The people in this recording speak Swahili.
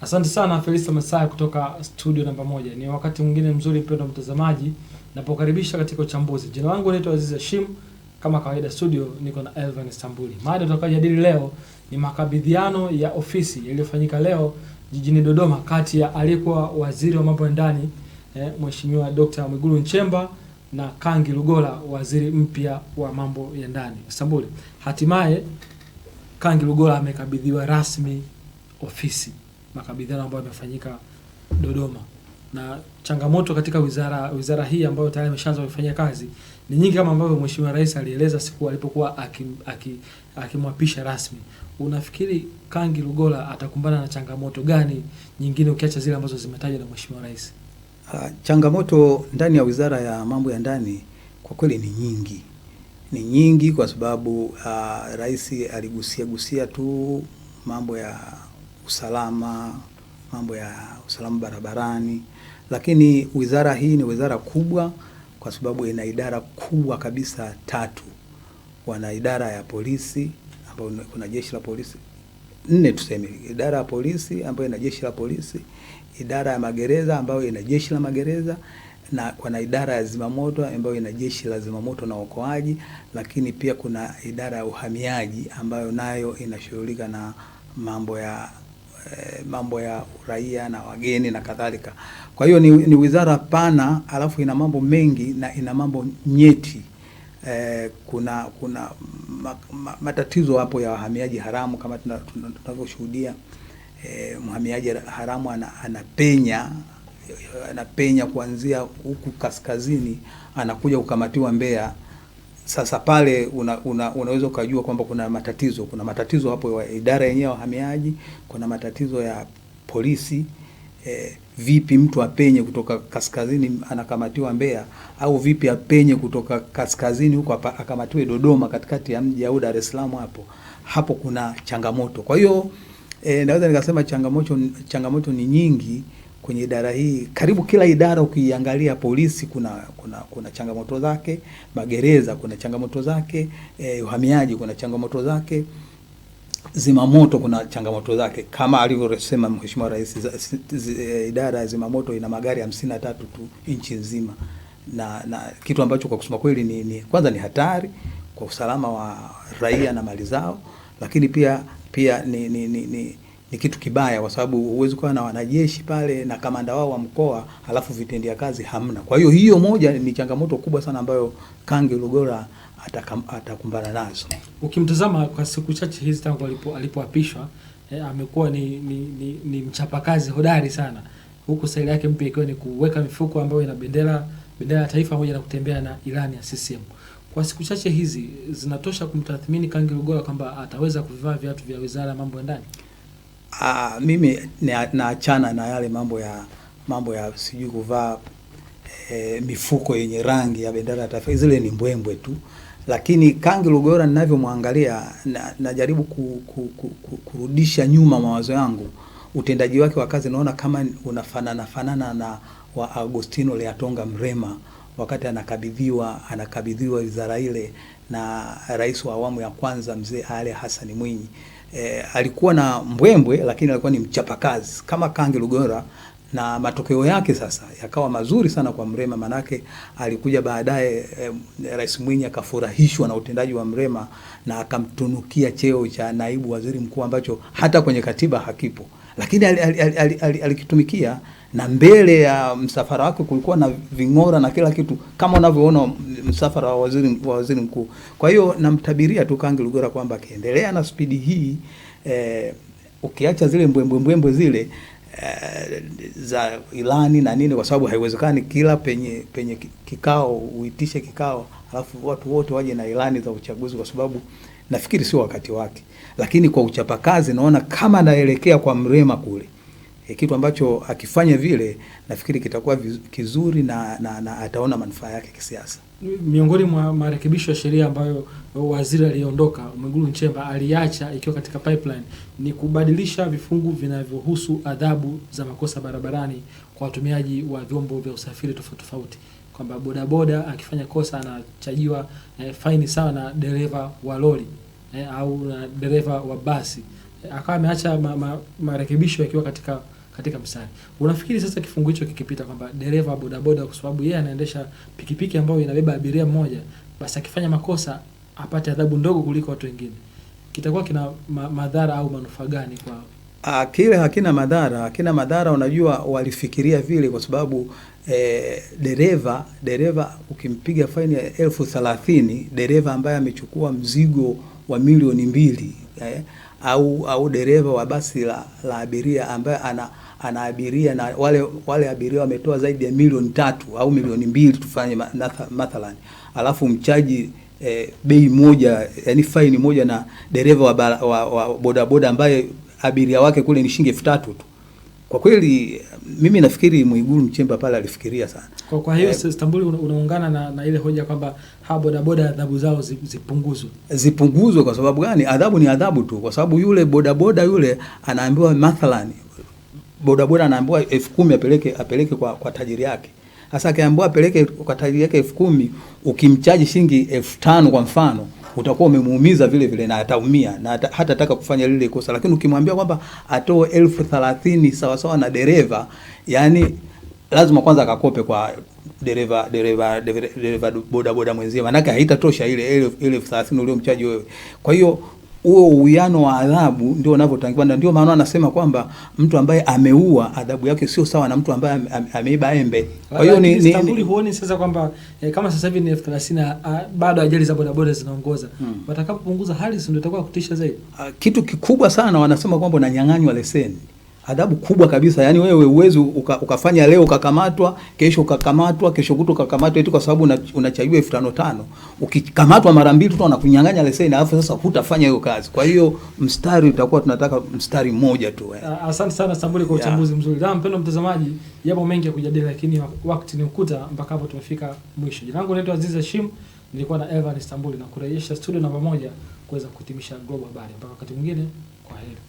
Asante sana Felista Masaya kutoka studio namba moja. Ni wakati mwingine mzuri, mpendwa mtazamaji, napokaribisha katika uchambuzi. Jina langu naitwa Aziz Hashim, kama kawaida studio niko na Elvan Istanbuli. Mada tutakayojadili leo ni makabidhiano ya ofisi yaliyofanyika leo jijini Dodoma kati ya aliyekuwa waziri wa mambo ya ndani eh, Mheshimiwa Dr. Mwigulu Nchemba na Kangi Lugola, waziri mpya wa mambo ya ndani Istanbuli. Hatimaye Kangi Lugola amekabidhiwa rasmi ofisi makabidhiano ambayo yamefanyika Dodoma na changamoto katika wizara wizara hii ambayo tayari imeshaanza kufanya kazi ni nyingi, kama ambavyo Mheshimiwa Rais alieleza siku alipokuwa akimwapisha aki, aki rasmi. Unafikiri Kangi Lugola atakumbana na changamoto gani nyingine ukiacha zile ambazo zimetajwa na Mheshimiwa Rais? Ha, ah, changamoto ndani ya wizara ya mambo ya ndani kwa kweli ni nyingi, ni nyingi kwa sababu uh, Rais aligusia gusia tu mambo ya usalama, mambo ya usalama barabarani. Lakini wizara hii ni wizara kubwa kwa sababu ina idara kubwa kabisa tatu. Wana idara ya polisi ambayo kuna jeshi la polisi nne, tuseme idara ya polisi ambayo ina jeshi la polisi, idara ya magereza ambayo ina jeshi la magereza na kuna idara ya zimamoto ambayo ina jeshi la zimamoto na uokoaji, lakini pia kuna idara ya uhamiaji ambayo nayo inashughulika na mambo ya Eh, mambo ya uraia na wageni na kadhalika. Kwa hiyo ni, ni wizara pana, alafu ina mambo mengi na ina mambo nyeti E, kuna kuna ma, ma, matatizo hapo ya wahamiaji haramu kama tunavyoshuhudia e, mhamiaji haramu anapenya ana anapenya kuanzia huku kaskazini anakuja kukamatiwa Mbeya. Sasa pale una, una, unaweza ukajua kwamba kuna matatizo, kuna matatizo hapo ya idara yenyewe ya wahamiaji, kuna matatizo ya polisi eh, vipi mtu apenye kutoka kaskazini anakamatiwa Mbeya au vipi apenye kutoka kaskazini huko akamatiwe Dodoma katikati ya mji au Dar es Salaam? Hapo hapo kuna changamoto. Kwa hiyo eh, naweza nikasema changamoto changamoto ni nyingi kwenye idara hii, karibu kila idara ukiangalia, polisi kuna kuna kuna changamoto zake, magereza kuna changamoto zake, eh, uhamiaji kuna changamoto zake, zimamoto kuna changamoto zake, kama alivyosema Mheshimiwa Rais, eh, idara ya zimamoto ina magari hamsini na tatu tu nchi nzima, na na kitu ambacho kwa kusema kweli ni, ni kwanza ni hatari kwa usalama wa raia na mali zao, lakini pia pia ni, ni, ni, ni ni kitu kibaya, kwa sababu huwezi kuwa na wanajeshi pale na kamanda wao wa mkoa halafu vitendea kazi hamna. Kwa hiyo hiyo moja ni changamoto kubwa sana ambayo Kange Lugola atakumbana nazo. Ukimtazama kwa siku chache hizi tangu alipo alipoapishwa, eh, amekuwa ni, ni, ni, ni mchapakazi hodari sana, huku staili yake mpya ikiwa ni kuweka mifuko ambayo ina bendera bendera ya taifa pamoja na kutembea na ilani ya CCM. Kwa siku chache hizi zinatosha kumtathmini Kange Lugola kwamba ataweza kuvivaa viatu vya Wizara ya Mambo ya Ndani aa, ah, mimi naachana na yale mambo ya mambo ya sijui kuvaa e, mifuko yenye rangi ya bendera ya taifa, zile ni mbwembwe tu, lakini Kangi Lugora ninavyomwangalia na, najaribu ku, ku, ku, ku, kurudisha nyuma mawazo yangu, utendaji wake wa kazi naona kama unafanana fanana na wa Agostino Leatonga Mrema wakati anakabidhiwa anakabidhiwa wizara ile na rais wa awamu ya kwanza mzee Ali Hassan Mwinyi. E, alikuwa na mbwembwe lakini alikuwa ni mchapakazi kama Kangi Lugora, na matokeo yake sasa yakawa mazuri sana kwa Mrema, manake alikuja baadaye e, Rais Mwinyi akafurahishwa na utendaji wa Mrema na akamtunukia cheo cha naibu waziri mkuu ambacho hata kwenye katiba hakipo, lakini alikitumikia al, al, al, al, al, al, na mbele ya msafara wake kulikuwa na ving'ora na kila kitu kama unavyoona msafara wa waziri, wa waziri mkuu. Kwa hiyo namtabiria tu Kangi Lugola kwamba akiendelea na spidi hii eh, ukiacha zile mbwembwembwembwe zile eh, za ilani na nini, kwa sababu haiwezekani kila penye penye kikao uitishe kikao alafu watu wote waje na ilani za uchaguzi, kwa sababu nafikiri sio wakati wake. Lakini kwa uchapakazi naona kama naelekea kwa Mrema kule e, kitu ambacho akifanya vile nafikiri kitakuwa kizuri na, na, na ataona manufaa yake kisiasa. Miongoni mwa marekebisho ya sheria ambayo waziri aliyeondoka Mwigulu Nchemba aliacha ikiwa katika pipeline ni kubadilisha vifungu vinavyohusu adhabu za makosa barabarani kwa watumiaji wa vyombo vya usafiri tofauti tofauti kwamba bodaboda akifanya kosa anachajiwa eh, faini sawa na dereva wa lori eh, au na dereva wa basi eh, akawa ameacha marekebisho ma, ma yakiwa katika katika mstari. Unafikiri sasa kifungu hicho kikipita kwamba dereva bodaboda kwa sababu yeye anaendesha pikipiki ambayo inabeba abiria mmoja, basi akifanya makosa apate adhabu ndogo kuliko watu wengine. Kitakuwa kina ma madhara au manufaa gani kwa ah, Kile hakina madhara, hakina madhara. Unajua, walifikiria vile kwa sababu e, dereva dereva ukimpiga faini ya elfu thelathini dereva ambaye amechukua mzigo wa milioni mbili eh, au au dereva wa basi la, la abiria ambaye ana ana abiria na wale wale abiria wametoa zaidi ya milioni tatu au milioni mbili tufanye mathalan, alafu mchaji e, bei moja yani faini moja na dereva wa, wa, wa bodaboda ambaye abiria wake kule ni shilingi elfu tatu tu. Kwa kweli mimi nafikiri Mwigulu mchemba pale alifikiria sana. Kwa, kwa hiyo eh, Istanbul unaungana na, na ile hoja kwamba hawa bodaboda adhabu zao zipunguzwe. Zipunguzwe kwa sababu gani? Adhabu ni adhabu tu, kwa sababu yule bodaboda yule anaambiwa mathalani bodaboda anaambiwa elfu kumi apeleke apeleke kwa, kwa tajiri yake. Sasa akiambiwa apeleke kwa tajiri yake elfu kumi ukimchaji shilingi elfu tano kwa mfano utakuwa umemuumiza vile vile na ataumia na hata hataka kufanya lile kosa, lakini ukimwambia kwamba atoe elfu thelathini sawasawa na dereva, yani lazima kwanza akakope kwa dereva dereva dereva bodaboda mwenzie, maanake haitatosha ile elfu thelathini uliyomchaji wewe. Kwa hiyo huo uwiano wa adhabu ndio unavyotangiwa na ndio maana anasema kwamba mtu ambaye ameua adhabu yake sio sawa na mtu ambaye ameiba embe. Kwa hiyo ni Istanbul, huoni sasa kwamba eh, kama sasa hivi ni elfu thelathini ah, bado ajali za bodaboda zinaongoza hmm. Watakapopunguza hali, ndio itakuwa kutisha zaidi. Ah, kitu kikubwa sana wanasema kwamba unanyang'anywa leseni adhabu kubwa kabisa. Yani wewe uwezi uka, ukafanya leo ukakamatwa, kesho ukakamatwa, kesho kutu ukakamatwa eti kwa sababu unachajua elfu tano tano. Ukikamatwa mara mbili tu wanakunyang'anya leseni, alafu sasa hutafanya hiyo kazi. Kwa hiyo mstari utakuwa tunataka mstari mmoja tu eh. Asante sana Sambuli kwa uchambuzi yeah, mzuri. Na mpendwa mtazamaji, yapo mengi ya kujadili, lakini wakati ni ukuta, mpaka hapo tumefika mwisho. Jina langu naitwa Aziz Hashim, nilikuwa na Evan Istanbul na kurejesha studio namba moja kuweza kuhitimisha Global Habari. Mpaka wakati mwingine, kwa heri.